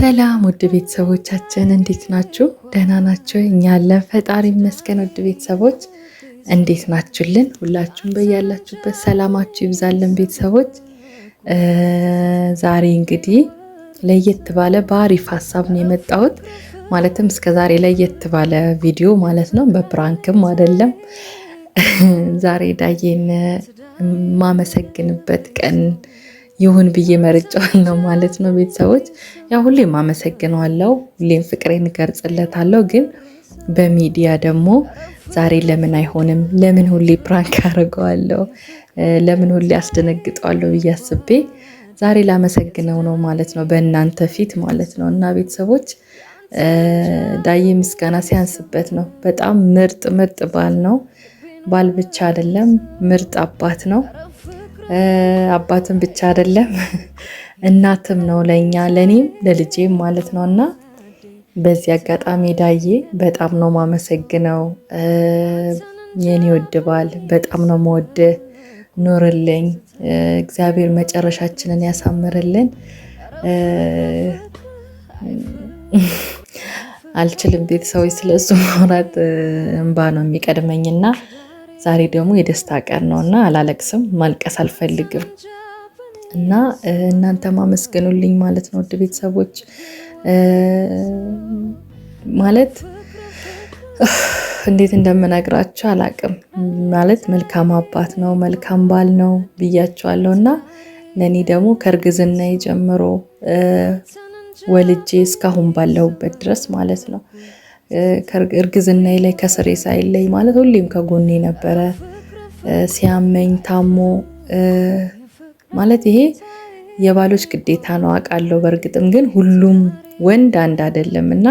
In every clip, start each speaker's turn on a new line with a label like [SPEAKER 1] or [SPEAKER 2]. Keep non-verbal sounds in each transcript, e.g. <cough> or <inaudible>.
[SPEAKER 1] ሰላም ውድ ቤተሰቦቻችን እንዴት ናችሁ? ደህና ናቸው። እኛ ፈጣሪ ይመስገን። ውድ ቤተሰቦች እንዴት ናችሁልን? ሁላችሁም በያላችሁበት ሰላማችሁ ይብዛልን። ቤተሰቦች ዛሬ እንግዲህ ለየት ባለ በአሪፍ ሀሳብ ነው የመጣሁት። ማለትም ዛሬ ለየት ባለ ቪዲዮ ማለት ነው፣ በፕራንክም አይደለም። ዛሬ ዳዬን ማመሰግንበት ቀን ይሁን ብዬ መርጫዋለሁ ማለት ነው። ቤተሰቦች ያው ሁሌም የማመሰግነዋለው ሁሌም ፍቅሬን እገልጽለታለሁ። ግን በሚዲያ ደግሞ ዛሬ ለምን አይሆንም፣ ለምን ሁሌ ፕራንክ አደርገዋለሁ፣ ለምን ሁሌ አስደነግጠዋለሁ ብዬ አስቤ ዛሬ ላመሰግነው ነው ማለት ነው፣ በእናንተ ፊት ማለት ነው። እና ቤተሰቦች ዳዬ ምስጋና ሲያንስበት ነው። በጣም ምርጥ ምርጥ ባል ነው። ባል ብቻ አይደለም፣ ምርጥ አባት ነው። አባትም ብቻ አይደለም፣ <laughs> እናትም ነው ለእኛ ለእኔም ለልጄም ማለት ነው እና በዚህ አጋጣሚ ዳዬ በጣም ነው ማመሰግነው። የኔ ወድ ባል በጣም ነው ወደ ኑርልኝ፣ እግዚአብሔር መጨረሻችንን ያሳምርልን። <laughs> አልችልም ቤተሰቦች፣ ስለሱ ማውራት እንባ ነው የሚቀድመኝና ዛሬ ደግሞ የደስታ ቀን ነው እና አላለቅስም፣ ማልቀስ አልፈልግም እና እናንተ ማመስገኑልኝ ማለት ነው። ውድ ቤተሰቦች ማለት እንዴት እንደምነግራቸው አላቅም። ማለት መልካም አባት ነው፣ መልካም ባል ነው ብያቸዋለሁ እና ለእኔ ደግሞ ከእርግዝና ጀምሮ ወልጄ እስካሁን ባለሁበት ድረስ ማለት ነው እርግዝና ላይ ከስሬ ሳይለይ ማለት ሁሌም ከጎኔ ነበረ። ሲያመኝ ታሞ ማለት ይሄ የባሎች ግዴታ ነው አውቃለሁ። በእርግጥም ግን ሁሉም ወንድ አንድ አይደለም እና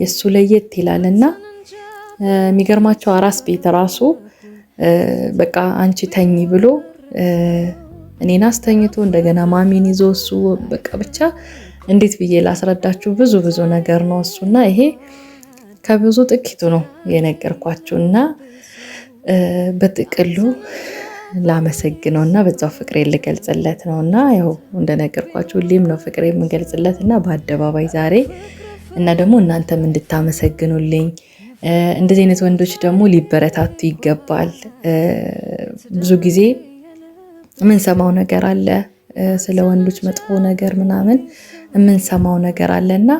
[SPEAKER 1] የእሱ ለየት ይላል እና የሚገርማቸው አራስ ቤት ራሱ በቃ አንቺ ተኝ ብሎ እኔን አስተኝቶ እንደገና ማሚን ይዞ እሱ በቃ ብቻ እንዴት ብዬ ላስረዳችሁ ብዙ ብዙ ነገር ነው እሱና ይሄ ከብዙ ጥቂቱ ነው የነገርኳችሁ እና በጥቅሉ ላመሰግነው እና በዛው ፍቅሬ ልገልጽለት ነው እና ያው እንደነገርኳችሁ ሁሌም ነው ፍቅሬ የምገልጽለት እና በአደባባይ ዛሬ እና ደግሞ እናንተም እንድታመሰግኑልኝ እንደዚህ አይነት ወንዶች ደግሞ ሊበረታቱ ይገባል። ብዙ ጊዜ የምንሰማው ነገር አለ ስለ ወንዶች መጥፎ ነገር ምናምን የምንሰማው ነገር አለ እና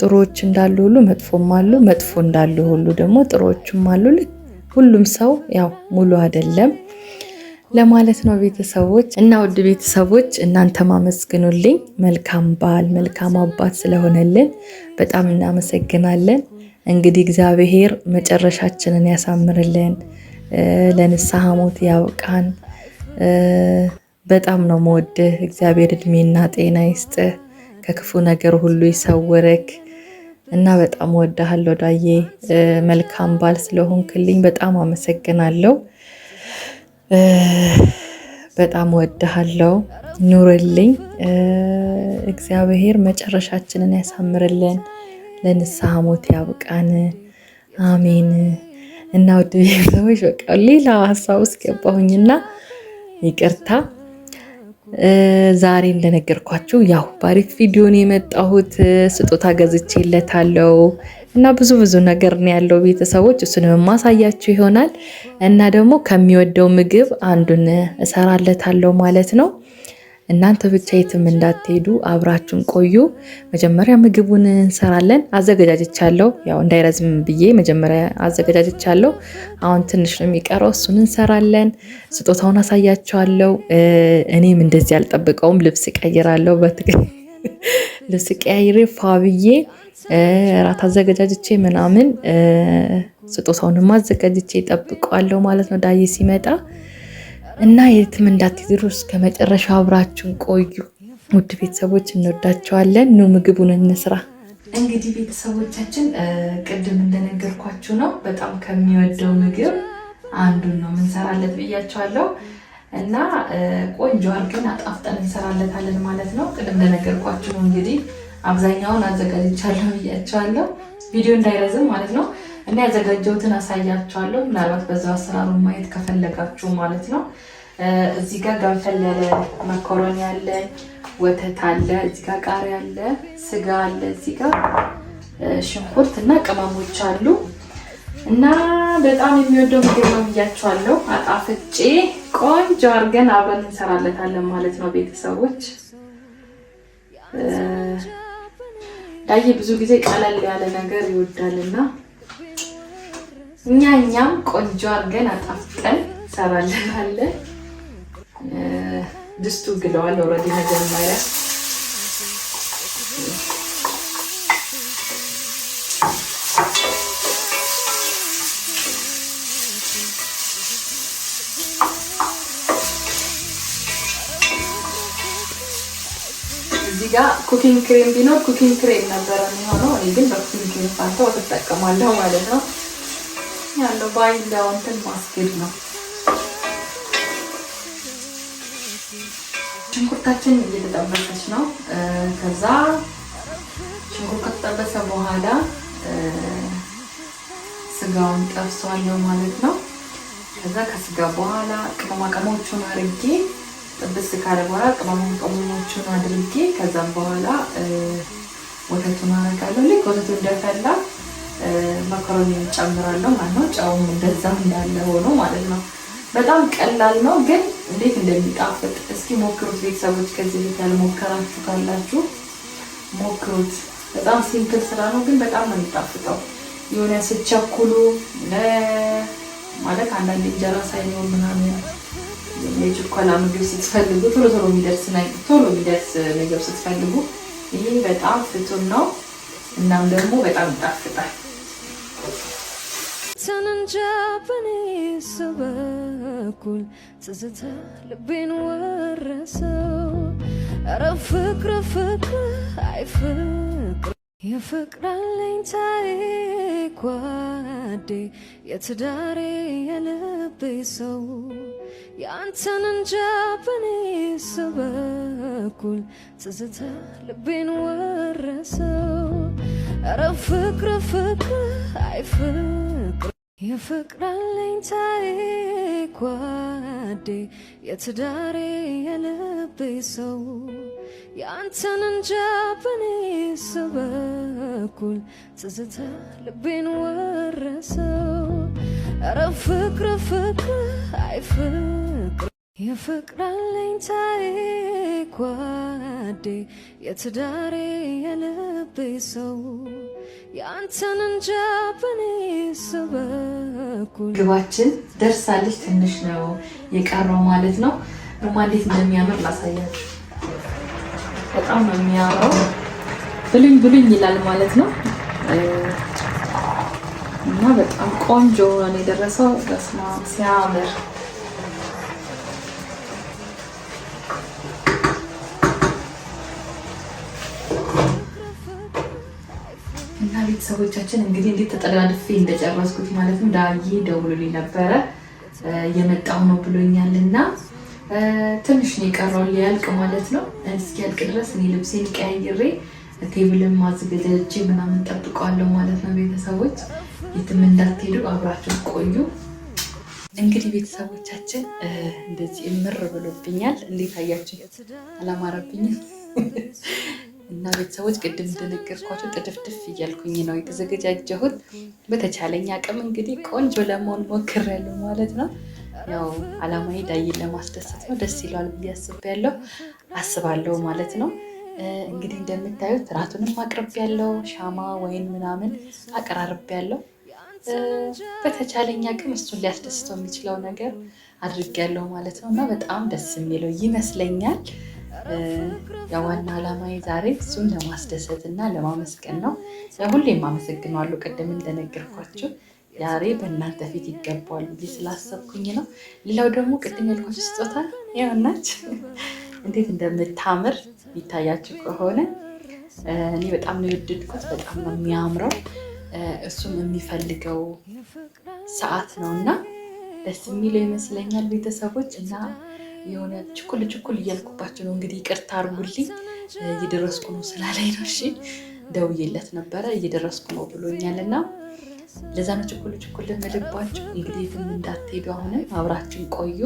[SPEAKER 1] ጥሮች እንዳሉ ሁሉ መጥፎም አሉ፣ መጥፎ እንዳሉ ሁሉ ደግሞ ጥሮችም አሉ። ሁሉም ሰው ያው ሙሉ አይደለም ለማለት ነው ቤተሰቦች እና ውድ ቤተሰቦች እናንተ ማመስግኑልኝ። መልካም ባል መልካም አባት ስለሆነልን በጣም እናመሰግናለን። እንግዲህ እግዚአብሔር መጨረሻችንን ያሳምርልን፣ ለንስሐ ሞት ያብቃን። በጣም ነው መወድህ። እግዚአብሔር እድሜና ጤና ይስጥህ። ከክፉ ነገር ሁሉ ይሰውርክ እና በጣም ወዳሃለሁ ዳዬ። መልካም ባል ስለሆንክልኝ በጣም አመሰግናለሁ። በጣም ወዳሃለሁ። ኑርልኝ። እግዚአብሔር መጨረሻችንን ያሳምርልን፣ ለንስሐ ሞት ያብቃን። አሜን። እና ውድ ሰዎች በቃ ሌላ ሀሳብ ውስጥ ገባሁኝና ይቅርታ ዛሬ እንደነገርኳችሁ ያው ባሪክ ቪዲዮን የመጣሁት ስጦታ ገዝቼለታለሁ እና ብዙ ብዙ ነገር ነው ያለው ቤተሰቦች፣ እሱንም የማሳያችሁ ይሆናል እና ደግሞ ከሚወደው ምግብ አንዱን እሰራለታለሁ ማለት ነው። እናንተ ብቻ የትም እንዳትሄዱ አብራችሁን ቆዩ። መጀመሪያ ምግቡን እንሰራለን። አዘገጃጀቻለሁ፣ ያው እንዳይረዝም ብዬ መጀመሪያ አዘገጃጀቻለሁ። አሁን ትንሽ ነው የሚቀረው፣ እሱን እንሰራለን። ስጦታውን አሳያቸዋለሁ። እኔም እንደዚህ አልጠብቀውም። ልብስ እቀይራለሁ። በትክክል <laughs> ልብስ ቀያይሬ ፋብዬ ራት አዘገጃጅቼ ምናምን ስጦታውንም አዘጋጅቼ እጠብቀዋለሁ ማለት ነው ዳዬ ሲመጣ እና የትም እንዳትድሩ እስከ መጨረሻ አብራችሁን ቆዩ። ውድ ቤተሰቦች እንወዳቸዋለን። ኑ ምግቡን እንስራ። እንግዲህ ቤተሰቦቻችን ቅድም እንደነገርኳችሁ ነው በጣም ከሚወደው ምግብ አንዱን ነው ምንሰራለት ብያቸዋለሁ። እና ቆንጆ አድርገን አጣፍጠን እንሰራለታለን ማለት ነው። ቅድም እንደነገርኳችሁ ነው እንግዲህ አብዛኛውን አዘጋጅቻለሁ ብያቸዋለሁ። ቪዲዮ እንዳይረዝም ማለት ነው። እና ያዘጋጀሁትን አሳያችኋለሁ። ምናልባት በዛ አሰራሩ ማየት ከፈለጋችሁ ማለት ነው። እዚህ ጋር ገንፈል ያለ መኮረኒ አለ፣ ወተት አለ፣ እዚህ ጋር ቃሪያ አለ፣ ስጋ አለ፣ እዚህ ጋር ሽንኩርት እና ቅመሞች አሉ። እና በጣም የሚወደው ምግብ ነው ብያቸዋለሁ። አጣፍጬ ቆንጆ አድርገን አብረን እንሰራለታለን ማለት ነው ቤተሰቦች። ዳዬ ብዙ ጊዜ ቀለል ያለ ነገር ይወዳልና እኛ እኛም ቆንጆ አድርገን አጣፍጠን ሰራልናለን። ድስቱ ግለዋል ኦልሬዲ መጀመሪያ እዚህ ጋር ኩኪንግ ክሬም ቢኖር ኩኪንግ ክሬም ነበረ የሚሆነው። እኔ ግን በኩኪንግ ክሬም ፋንታ ተጠቀማለሁ ማለት ነው። ያለው ባይላው እንትን ማስጌድ ነው። ሽንኩርታችን እየተጠበሰች ነው። ከዛ ሽንኩርት ከተጠበሰ በኋላ ስጋውን ጠብሰዋለሁ ማለት ነው። ከዛ ከስጋ በኋላ ቅመማ ቅመሞቹን አድርጌ ጥብስ ካለ በኋላ ቅመማ ቅመሞቹን አድርጌ ከዛም በኋላ ወተቱን አረጋለሁ። ልክ ወተቱ እንደፈላ መኮረኒ ጨምራለሁ ማለት ነው። ጨውም እንደዛ እንዳለ ሆኖ ማለት ነው። በጣም ቀላል ነው፣ ግን እንዴት እንደሚጣፍጥ እስኪ ሞክሩት ቤተሰቦች። ከዚህ ቤት ያልሞከራችሁ ካላችሁ ሞክሩት። በጣም ሲምፕል ስራ ነው፣ ግን በጣም ነው የሚጣፍጠው። የሆነ ስቸኩሉ ማለት አንዳንድ እንጀራ ሳይኖር ምናምን የችኮላ ምግብ ስትፈልጉ ቶሎ ቶሎ የሚደርስ ቶሎ የሚደርስ ምግብ ስትፈልጉ ይህ በጣም ፍቱን ነው። እናም ደግሞ በጣም ይጣፍጣል። አንተን እንጃ በኔስ በኩል ትዝታ ልቤን ወረሰው። ኧረ ፍቅር ፍቅር አይ ፍቅር የፍቅራለኝ ታሪክ ጓዴ የትዳሬ የልቤ ሰው የአንተን እንጃ በኔስ በኩል ትዝታ ልቤን ወረሰው። ኧረ ፍቅር ፍቅር አይ ፍቅር የፍቅራለኝታዬ ጓዴ የትዳሬ የልቤ ሰው የአንተን እንጃ በኔ ስበኩል ትዝታ ልቤን ወረሰው። ኧረ ፍቅር ፍቅር አይ ፍቅር የፍቅራለኝታዬ ጓ ወዳዴ የትዳሬ የልቤ ሰው የአንተን እንጃ በኔ ስበኩል ግባችን ደርሳለች። ትንሽ ነው የቀረው ማለት ነው። ሩማ እንዴት እንደሚያምር ላሳያችሁ። በጣም ነው የሚያምረው። ብሉኝ ብሉኝ ይላል ማለት ነው። እና በጣም ቆንጆ ነው የደረሰው። በስማ ሲያምር ቤተሰቦቻችን እንግዲህ እንዴት ተጠላልፌ እንደጨረስኩት ማለትም ዳጊ ደውሎልኝ ነበረ የመጣው ነው ብሎኛል እና ትንሽ ነው የቀረው ሊያልቅ ማለት ነው። እስኪያልቅ ድረስ እኔ ልብሴን ቀያይሬ ቴብልን ማዘጋጀቼ ምናምን ጠብቀዋለሁ ማለት ነው። ቤተሰቦች የትም እንዳትሄዱ አብራችሁ ቆዩ። እንግዲህ ቤተሰቦቻችን እንደዚህ እምር ብሎብኛል። እንዴት አያችሁ? አላማረብኝም እና ቤተሰቦች ቅድም እንደነገርኳቸው ጥድፍድፍ እያልኩኝ ነው የተዘገጃጀሁት። በተቻለኝ አቅም እንግዲህ ቆንጆ ለመሆን ሞክሬያለሁ ማለት ነው። ያው አላማዬ ዳይን ለማስደሰት ነው። ደስ ይለዋል ብዬ አስቤያለሁ አስባለሁ ማለት ነው። እንግዲህ እንደምታዩት ራቱንም አቅርቤያለሁ። ሻማ ወይን ምናምን አቀራርቤያለሁ። በተቻለኝ አቅም እሱን ሊያስደስተው የሚችለው ነገር አድርጌያለሁ ማለት ነው እና በጣም ደስ የሚለው ይመስለኛል። የዋና ዓላማዬ ዛሬ እሱም ለማስደሰት እና ለማመስገን ነው። ሁሌም አመሰግነዋለሁ። ቅድም እንደነገርኳቸው ዛሬ በእናንተ ፊት ይገባዋል ብዬ ስላሰብኩኝ ነው። ሌላው ደግሞ ቅድም ያልኳቸው ስጦታ ይሆናች <laughs> እንዴት እንደምታምር ይታያችሁ ከሆነ እኔ በጣም ነው የወደድኩት። በጣም ነው የሚያምረው። እሱም የሚፈልገው ሰዓት ነው እና ደስ የሚለው ይመስለኛል ቤተሰቦች እና የሆነ ችኩል ችኩል እያልኩባቸው ነው። እንግዲህ ይቅርታ አርጉልኝ። እየደረስኩ ነው ስላለኝ ነው። እሺ ደውዬለት ነበረ እየደረስኩ ነው ብሎኛል። እና ለዛ ነው ችኩል ችኩል ልምልባችሁ። እንግዲህ ግን እንዳትሄዱ፣ አሁንም አብራችን ቆዩ።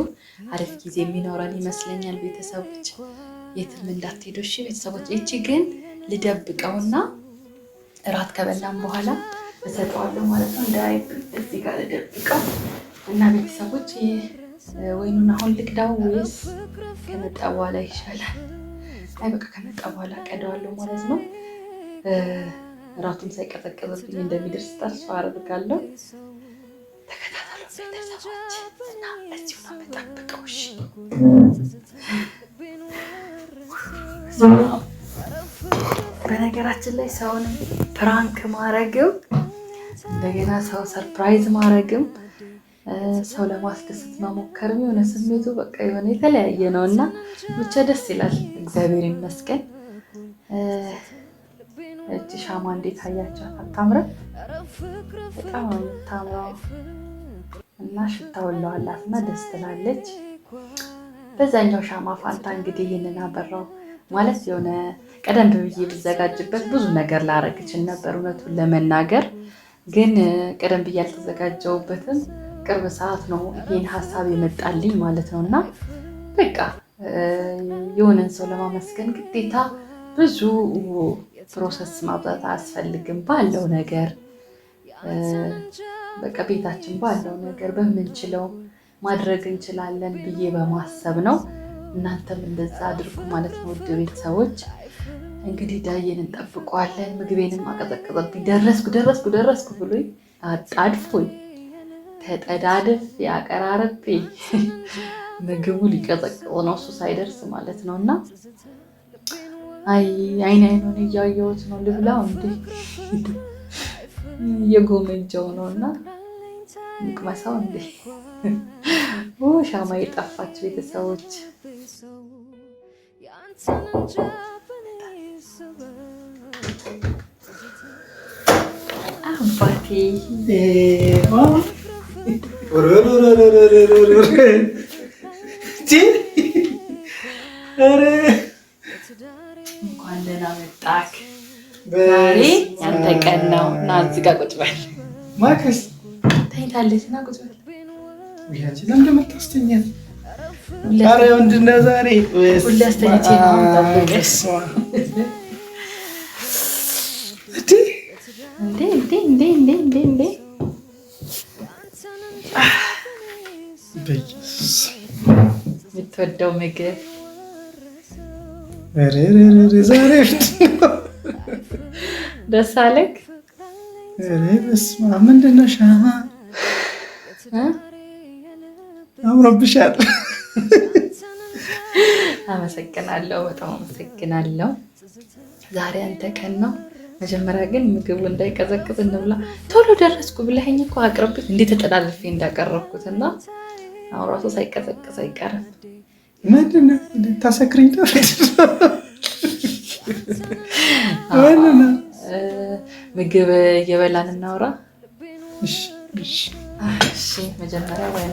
[SPEAKER 1] አሪፍ ጊዜ የሚኖረን ይመስለኛል። ቤተሰቦች የትም እንዳትሄዱ እሺ ቤተሰቦች። ይቺ ግን ልደብቀውና እራት ከበላም በኋላ እሰጠዋለሁ ማለት ነው። እንዳይ እዚህ ጋር ልደብቀው እና ቤተሰቦች ወይኑን አሁን ልቅዳው ወይስ ከመጣ በኋላ ይሻላል? አይ በቃ ከመጣ በኋላ ቀደዋለሁ ማለት ነው። እራቱም ሳይቀዘቀዘብኝ እንደሚደርስ ተስፋ አደርጋለሁ። ተከታተሉ ቤተሰቦች እና እዚሁ ነው የምጠብቀው። እሺ በነገራችን ላይ ሰውንም ፕራንክ ማድረግም እንደገና ሰው ሰርፕራይዝ ማድረግም ሰው ለማስደሰት መሞከርም የሆነ ስሜቱ በቃ የሆነ የተለያየ ነው እና ብቻ ደስ ይላል። እግዚአብሔር ይመስገን። እጅ ሻማ እንዴት አያችኋት? አታምርም? በጣም የምታምረው። እና ሽታውለዋላት እና ደስ ትላለች። በዛኛው ሻማ ፋንታ እንግዲህ ይህንን አበራው ማለት የሆነ ቀደም ብዬ ብዘጋጅበት ብዙ ነገር ላረግ ነበር እውነቱን ለመናገር ግን ቀደም ብዬ አልተዘጋጀውበትም። ቅርብ ሰዓት ነው ይህን ሀሳብ የመጣልኝ ማለት ነው። እና በቃ የሆነን ሰው ለማመስገን ግዴታ ብዙ ፕሮሰስ ማብዛት አያስፈልግም። ባለው ነገር በቃ ቤታችን ባለው ነገር በምንችለው ማድረግ እንችላለን ብዬ በማሰብ ነው። እናንተም እንደዛ አድርጉ ማለት ነው። ውድ ቤተሰቦች እንግዲህ ዳየን እንጠብቀዋለን። ምግቤንም አቀዘቀዘብኝ። ደረስኩ ደረስኩ ደረስኩ ብሎኝ አጣድፎኝ ተጠዳድፍ ያቀራረቤ ምግቡ ሊቀጠቅጥ ነው እሱ ሳይደርስ ማለት ነው። እና አይ አይን አይኑን እያየሁት ነው ልብላው እንዴ እየጎመጀው ነው እና ምቅመሳው እንዴ ሻማ የጠፋች ቤተሰቦች አባቴ
[SPEAKER 2] እንኳን
[SPEAKER 1] ደህና መጣህ። ዛሬ ያንተ ቀን ነው እና እዚህ ጋር ቁጭ በል። ማክስ ተኝታለች እና ቁጭ በል።
[SPEAKER 2] ዛሬ የምትወደው ምግብ ዛሬ ደስ አለህ? ምንድን ነው ሻማ አምሮብሻል።
[SPEAKER 1] አመሰግናለሁ፣ በጣም አመሰግናለሁ። ዛሬ አንተ ቀን ነው። መጀመሪያ ግን ምግቡ እንዳይቀዘቅዝ እንብላ። ቶሎ ደረስኩ ብለኸኝ እኮ አቅርብ እንዴት ተጠላልፌ እንዳቀረብኩት እና አሁን ራሱ ሳይቀዘቅዝ አይቀርም።
[SPEAKER 2] ምንድን ነው ታሰክሪኝ ነው
[SPEAKER 1] ምግብ እየበላን እናውራ። መጀመሪያ ወይን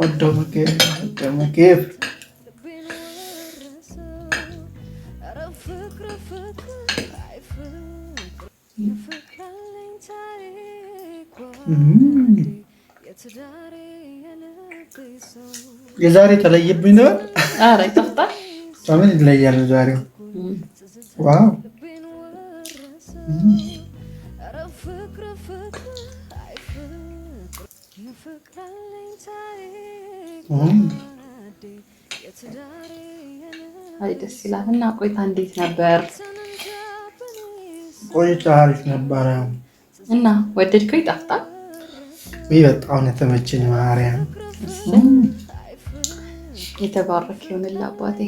[SPEAKER 2] ወደው ምግብ የዛሬ ተለየብኝ ነበር።
[SPEAKER 1] ኧረ ይጣፍጣል።
[SPEAKER 2] በምን ይለያል ዛሬው? ዋው
[SPEAKER 1] አይ ደስ ይላል። እና ቆይታ እንዴት ነበር?
[SPEAKER 2] ቆይታ አሪፍ ነበረ።
[SPEAKER 1] እና ወደድከው? ይጣፍጣል።
[SPEAKER 2] ይህ በጣም የተመቸኝ ማርያም።
[SPEAKER 1] የተባረክ ይሆንል አባቴ።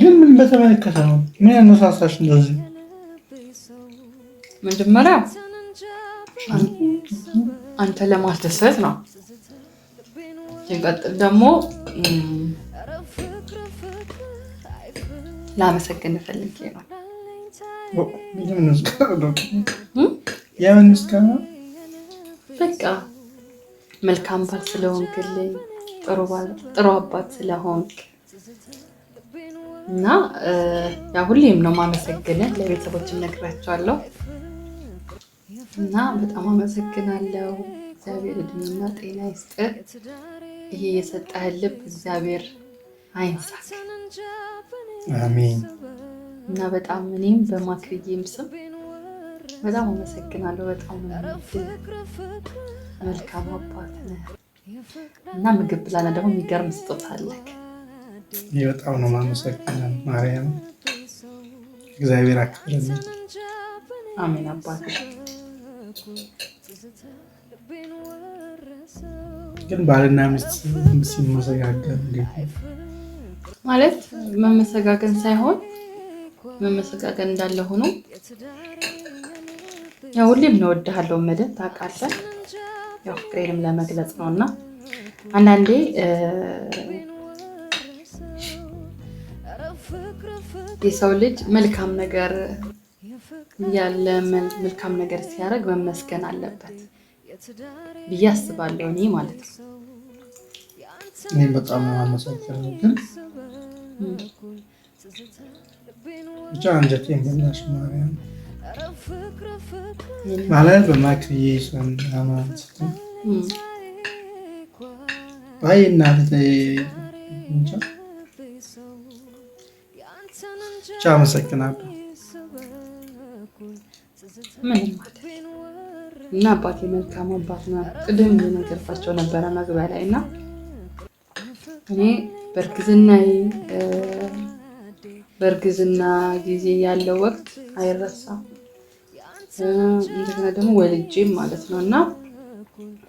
[SPEAKER 2] ግን ምን በተመለከተ ነው? ምን ያነሳሳሽ እንደዚህ?
[SPEAKER 1] መጀመሪያ አንተ ለማስደሰት ነው። ሲቀጥል ደግሞ ላመሰግን ፈልጌ ነው። በቃ መልካም ባል ስለሆንክልኝ፣ ጥሩ አባት ስለሆንክ እና ያ ሁሌም ነው ማመሰግንህ። ለቤተሰቦችም ነግራቸዋለሁ። እና በጣም አመሰግናለሁ። እግዚአብሔር እድሜና ጤና ይስጥህ። ይሄ የሰጠህን ልብ እግዚአብሔር አይንሳክ። አሜን። እና በጣም እኔም በማክርዬም ስም በጣም አመሰግናለሁ። በጣም መልካም አባት እና ምግብ ብላና ደግሞ የሚገርም ስጦታ አለክ።
[SPEAKER 2] በጣም ነው ማመሰግናል። ማርያም እግዚአብሔር አክብረን። አሜን አባት ግን ባልና ሚስት እንዴት
[SPEAKER 1] ማለት መመሰጋገን ሳይሆን መመሰጋገን እንዳለ ሆኖ ያው ሁሌም ነው እወድሃለሁ መደብ ታውቃለህ፣ ያው ፍቅሬንም ለመግለጽ ነው እና አንዳንዴ የሰው ልጅ መልካም ነገር ያለ መልካም ነገር ሲያደርግ መመስገን አለበት ብዬ አስባለሁ። እኔ ማለት ነው።
[SPEAKER 2] እኔም በጣም ግን ብቻ ማርያም ማለት በማክብዬ ሰማት እናት ብቻ አመሰግናለሁ።
[SPEAKER 1] ምን እና አባቴ መልካም አባት ነው። ቅድም የነገርኳቸው ነበረ መግቢያ ላይ እና እኔ በእርግዝና በእርግዝና ጊዜ ያለው ወቅት አይረሳም። እንደገና ደግሞ ወልጄም ማለት ነው እና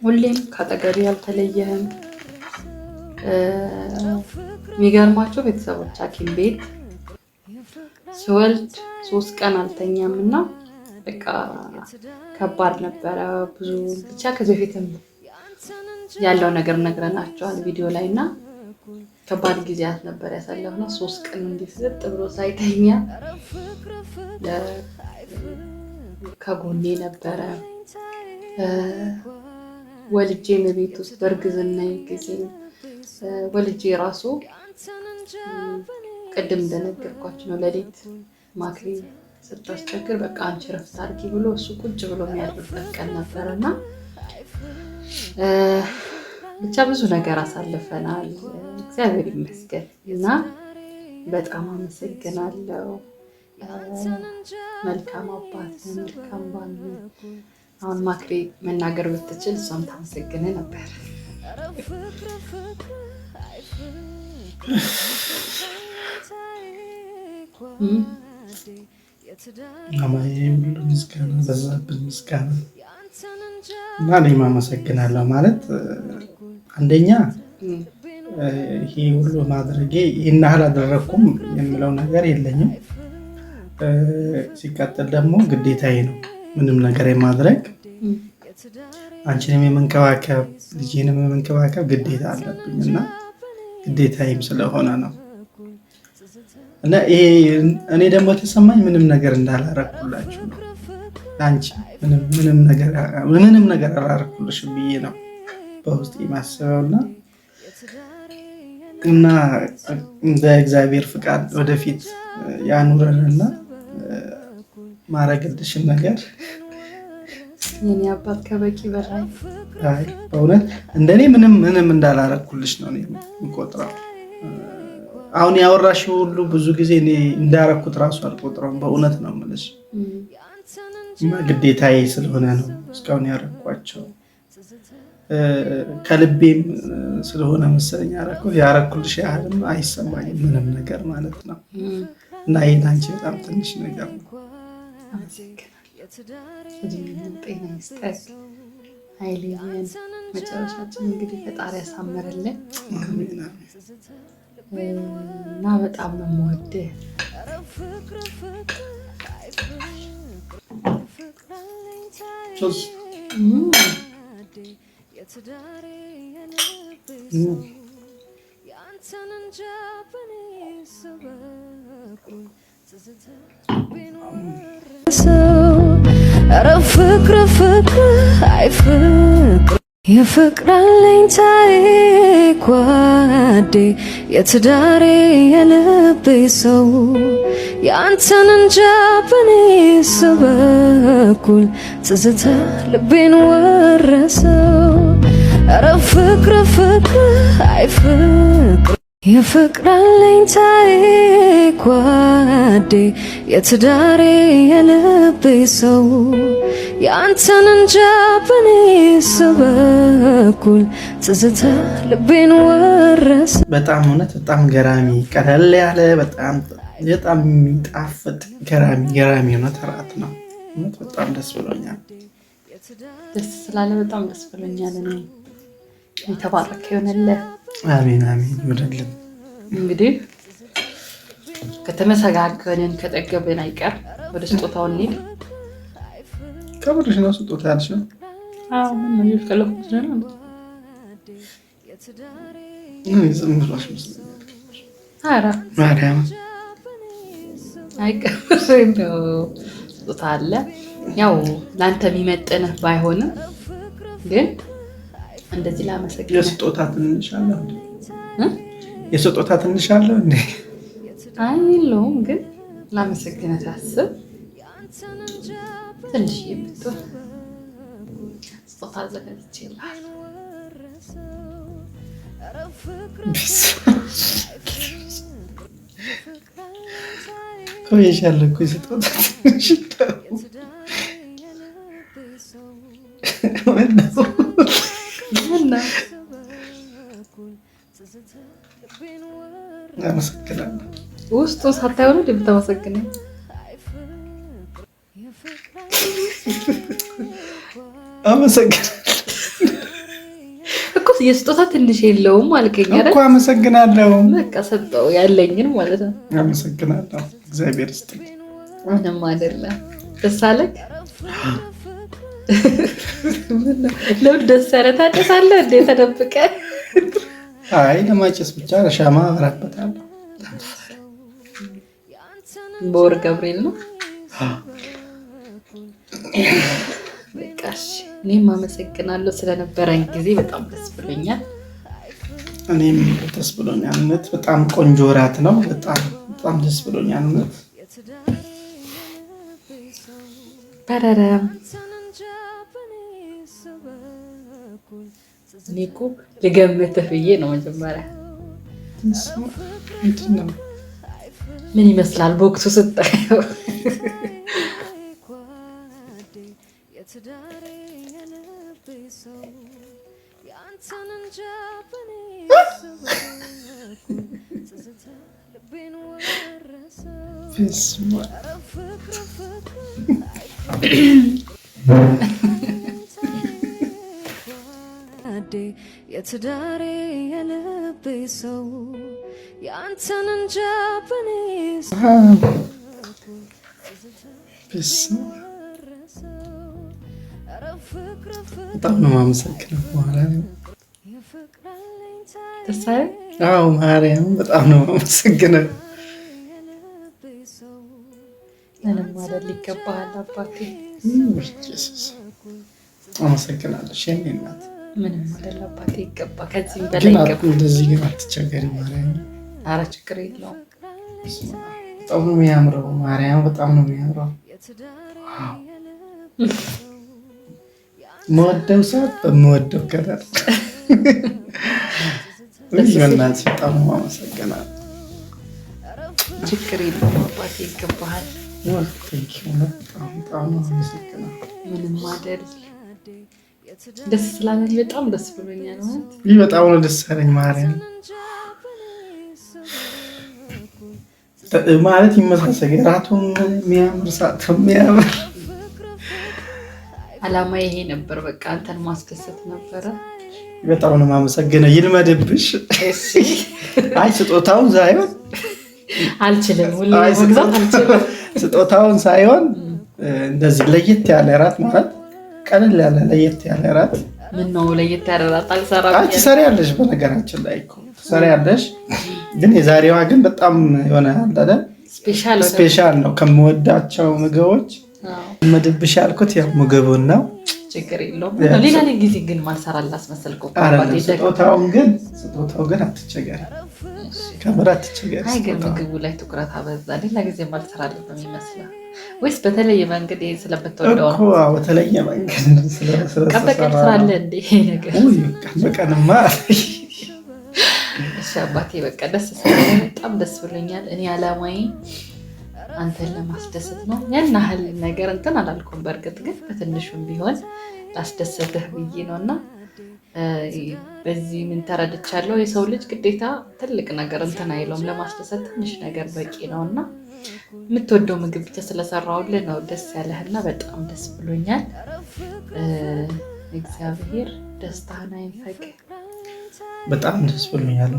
[SPEAKER 1] ሁሌም ከአጠገቤ ያልተለየህም። የሚገርማቸው ቤተሰቦች ሐኪም ቤት ስወልድ ሶስት ቀን አልተኛም እና በቃ ከባድ ነበረ። ብዙ ብቻ ከዚህ በፊትም ያለው ነገር ነግረናቸዋል ቪዲዮ ላይ እና ከባድ ጊዜያት ነበር ያሳለፍነው። ሶስት ቀን እንዴት ዝጥ ብሎ ሳይተኛ ከጎኔ ነበረ። ወልጄ ቤት ውስጥ በእርግዝና ጊዜ ወልጄ ራሱ ቅድም እንደነገርኳቸው ነው። ለሌት ማክሪ ስታስቸግር በቃ አንቺ ረፍት አድርጊ ብሎ እሱ ቁጭ ብሎ የሚያድርበት ቀን ነበር እና ብቻ ብዙ ነገር አሳልፈናል። እግዚአብሔር ይመስገን እና በጣም አመሰግናለሁ። መልካም አባት፣ መልካም ባል። አሁን ማክሪ መናገር ብትችል እሷም ታመሰግን ነበር።
[SPEAKER 2] አማዬ ሁሉ ምስጋና በዛብህ ምስጋና እና እኔም አመሰግናለሁ ማለት አንደኛ ይሄ ሁሉ ማድረጌ ይህን ያህል አደረግኩም የምለው ነገር የለኝም። ሲቀጥል ደግሞ ግዴታዬ ነው ምንም ነገር የማድረግ አንቺንም የመንከባከብ ልጅንም የመንከባከብ ግዴታ አለብኝ እና ግዴታዬም ስለሆነ ነው እና ይሄ እኔ ደግሞ ተሰማኝ ምንም ነገር እንዳላረኩላችሁ ነው። ለአንቺ ምንም ነገር አላረኩልሽ ብዬ ነው በውስጥ የማስበው እና እና እንደ እግዚአብሔር ፍቃድ ወደፊት ያኑረንና ማረግልሽን ነገር
[SPEAKER 1] የኔ አባት ከበቂ በላይ
[SPEAKER 2] በእውነት እንደኔ ምንም ምንም እንዳላረኩልሽ ነው የምቆጥረው። አሁን ያወራሽ ሁሉ ብዙ ጊዜ እኔ እንዳረኩት ራሱ አልቆጥረውም። በእውነት ነው የምልሽ እና ግዴታዬ ስለሆነ ነው እስካሁን ያረኳቸው ከልቤም ስለሆነ መሰለኝ ያረኩት። ያረኩልሽ ያህልም አይሰማኝም ምንም ነገር ማለት ነው እና ይህ ለአንቺ በጣም ትንሽ ነገር ነው።
[SPEAKER 1] ጤና ይስጠት መጨረሻችን እንግዲህ ፈጣሪ ያሳምርልን። እና በጣም ነው የምወድህ። ፍቅር ፍቅር
[SPEAKER 2] አይ ፍቅር የፍቅር አለኝታዬ ጓዴ የትዳሬ የልቤ ሰው የአንተን እንጃ በኔ በኩል ትዝታ ልቤን ወረሰው። ኧረ ፍቅር ፍቅር አይ ፍቅር የፍቅር አለኝታዬ ጓዴ የትዳሬ የልቤ ሰው የአንተን እንጃ በኩል ትዝታ ልቤን ወረሰ። በጣም እውነት በጣም ገራሚ ቀለል ያለ በጣም በጣም የሚጣፍጥ ገራሚ ገራሚ የሆነ ተራት ነው። እውነት በጣም ደስ ብሎኛል።
[SPEAKER 1] ደስ ስላለ በጣም ደስ ብሎኛል። የተባረከ ይሆንልህ።
[SPEAKER 2] አሜን አሜን ይውረድልን።
[SPEAKER 1] እንግዲህ ከተመሰጋገንን ከጠገበን አይቀር ወደ ስጦታው እንሂድ።
[SPEAKER 2] ከብርሽ ነው ስጦታ ያልሽ
[SPEAKER 1] ስጦታ አለ። ያው ለአንተ የሚመጥንህ ባይሆንም ግን እንደዚህ ላመሰግን
[SPEAKER 2] የስጦታ ትንሽ አለ የስጦታ ትንሽ አለ እንዴ?
[SPEAKER 1] አይ የለውም፣ ግን ላመሰግነ ታስብ ትንሽ የምት ስጦታ ዘጋጅ ይላል።
[SPEAKER 2] ቆየሻለ እኮ የስጦታ ትንሽ ነው <laughs> አመሰግናለሁ።
[SPEAKER 1] ውስጡ ሳታየው ነው የምታመሰግነኝ።
[SPEAKER 2] አመሰግናለሁ
[SPEAKER 1] እኮ የስጦታ ትንሽ የለውም አልከኝ
[SPEAKER 2] እኮ። አመሰግናለሁ።
[SPEAKER 1] በቃ ሰጠው ያለኝን ማለት ነው።
[SPEAKER 2] አመሰግናለሁ። እግዚአብሔር ይስጥልኝ።
[SPEAKER 1] ምንም አይደለም። ደስ አለህ? ለምን ደስ ያለ ታጨሳለህ? እንደ ተደብቀ
[SPEAKER 2] አይ ለማጨስ ብቻ ሻማ አበራበታለሁ።
[SPEAKER 1] በወር ገብርኤል ነው። በቃሽ። እኔም አመሰግናለሁ ስለነበረን ጊዜ በጣም ደስ ብሎኛል።
[SPEAKER 2] እኔም ደስ ብሎኛል። እውነት በጣም ቆንጆ እራት ነው። በጣም በጣም ደስ ብሎኛል። እውነት
[SPEAKER 1] በረረም እኔ እኮ ልገምትህ ብዬ ነው። መጀመሪያ ምን ይመስላል በወቅቱ ስታየው? <laughs>
[SPEAKER 2] የትዳሬ የልቤ ሰው የአንተን እንጃ በጣም ነው የማመሰግነው። ማርያም አዎ፣ ማርያም በጣም ነው የማመሰግነው።
[SPEAKER 1] ምንም ማለት ይገባሃል አባቴ።
[SPEAKER 2] አመሰግናለሽ የኔ እናት
[SPEAKER 1] ምንም አደላባት ይገባ። ከዚህም
[SPEAKER 2] በላይ እንደዚህ ግን አትቸገሪ ማርያም።
[SPEAKER 1] አረ ችግር የለውም።
[SPEAKER 2] በጣም ነው የሚያምረው ማርያም፣ በጣም ነው የሚያምረው። መወደው ሰዓት በመወደው ከረር በናት በጣም አመሰግናል።
[SPEAKER 1] ችግር የለውም አባቴ፣ ይገባሃል። ምንም አደል ደስ ስላለኝ በጣም ደስ ብሎኛል። ማለት
[SPEAKER 2] ይህ በጣም ነው ደስ ያለኝ። ማርያም ማለት ይመሳሰል የራቱን የሚያምር ሰዓቱ የሚያምር
[SPEAKER 1] አላማ ይሄ ነበር። በቃ አንተን ማስደሰት ነበረ።
[SPEAKER 2] በጣም ነው የማመሰግነው። ይልመድብሽ። አይ ስጦታውን ሳይሆን
[SPEAKER 1] አልችልም፣ ሁሌ መግዛት
[SPEAKER 2] አልችልም። ስጦታውን ሳይሆን እንደዚህ ለየት ያለ ራት ማለት ቀለል ያለ ለየት ያለ እራት
[SPEAKER 1] ምነው ለየት ያለ እራት አልሰራም።
[SPEAKER 2] ትሰሪያለሽ፣ በነገራችን ላይ እኮ ትሰሪያለሽ፣ ግን የዛሬዋ ግን በጣም የሆነ አንዳለ ስፔሻል ነው። ከምወዳቸው ምግቦች መድብሽ ያልኩት ያው ምግቡን ነው።
[SPEAKER 1] ችግር የለውም። ሌላ ጊዜ ግን ማልሰራላስ መሰልከው።
[SPEAKER 2] ስጦታውን ግን ስጦታው ግን አትቸገር፣ ከምር አትቸገሪ።
[SPEAKER 1] አይ ግን ምግቡ ላይ ትኩረት አበዛ። ሌላ ጊዜ ማልሰራለት ነው ይመስላል ወይስ በተለየ መንገድ ስለምትወደው
[SPEAKER 2] ነው? በተለየ መንገድ
[SPEAKER 1] ቀን በቀን ስራለ እንደ በቀንማ እሺ አባቴ፣ በቃ ደስ በጣም ደስ ብሎኛል። እኔ አላማዬ አንተን ለማስደሰት ነው። ያን ያህል ነገር እንትን አላልኩም። በእርግጥ ግን በትንሹም ቢሆን ላስደሰትህ ብዬ ነው እና በዚህ ምን ተረድቻለሁ? የሰው ልጅ ግዴታ ትልቅ ነገር እንትን አይለውም። ለማስደሰት ትንሽ ነገር በቂ ነው እና የምትወደው ምግብ ብቻ ስለሰራሁልህ ነው ደስ ያለህ እና በጣም ደስ ብሎኛል። እግዚአብሔር ደስታህን አይንፈቅ።
[SPEAKER 2] በጣም ደስ ብሎኛል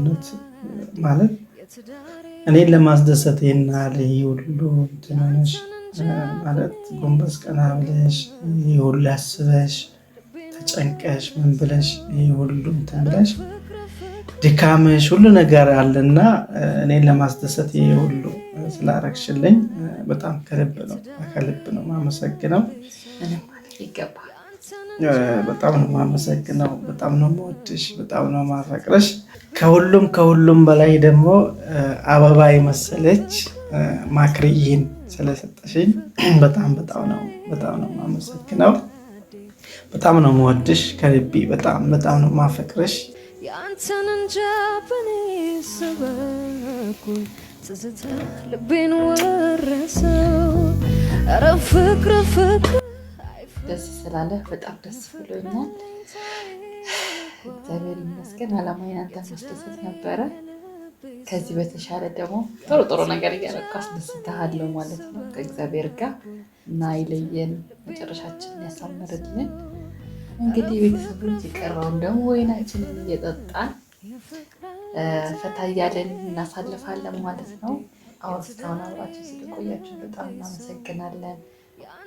[SPEAKER 2] ማለት እኔን ለማስደሰት ይናል ያህል ይህ ሁሉ ትንሽ ማለት ጎንበስ ቀና ብለሽ ይህ ሁሉ አስበሽ ተጨንቀሽ ምን ብለሽ ይህ ሁሉ ብለሽ ድካምሽ ሁሉ ነገር አለና እኔን ለማስደሰት ይህ ሁሉ ስላረግሽልኝ በጣም ከልብ ነው ከልብ ነው ማመሰግነው። ይገባል። በጣም ነው የማመሰግነው። በጣም ነው የምወድሽ። በጣም ነው የማፈቅረሽ። ከሁሉም ከሁሉም በላይ ደግሞ አበባ የመሰለች ማክርይን ስለሰጠሽኝ በጣም በጣም ነው በጣም ነው የማመሰግነው። በጣም ነው የምወድሽ ከልቤ። በጣም በጣም ነው የማፈቅረሽ። ያንተን እንጃ በኔ ትዝታ
[SPEAKER 1] ልቤን ወረሰው። ኧረ ፍቅር ፍቅር ደስ ስላለህ በጣም ደስ ብሎኛል። እግዚአብሔር ይመስገን። አላማ አንተን ማስደሰት ነበረ። ከዚህ በተሻለ ደግሞ ጥሩ ጥሩ ነገር እያደረግኩ አስደስተሃለሁ ማለት ነው ከእግዚአብሔር ጋር እና ይለየን መጨረሻችንን ያሳምርልን። እንግዲህ ቤተሰቦች የቀረውን ደግሞ ወይናችንን እየጠጣን ፈታ እያለን እናሳልፋለን ማለት ነው። አሁን እስካሁን አብራችሁ ስለቆያችሁ በጣም እናመሰግናለን።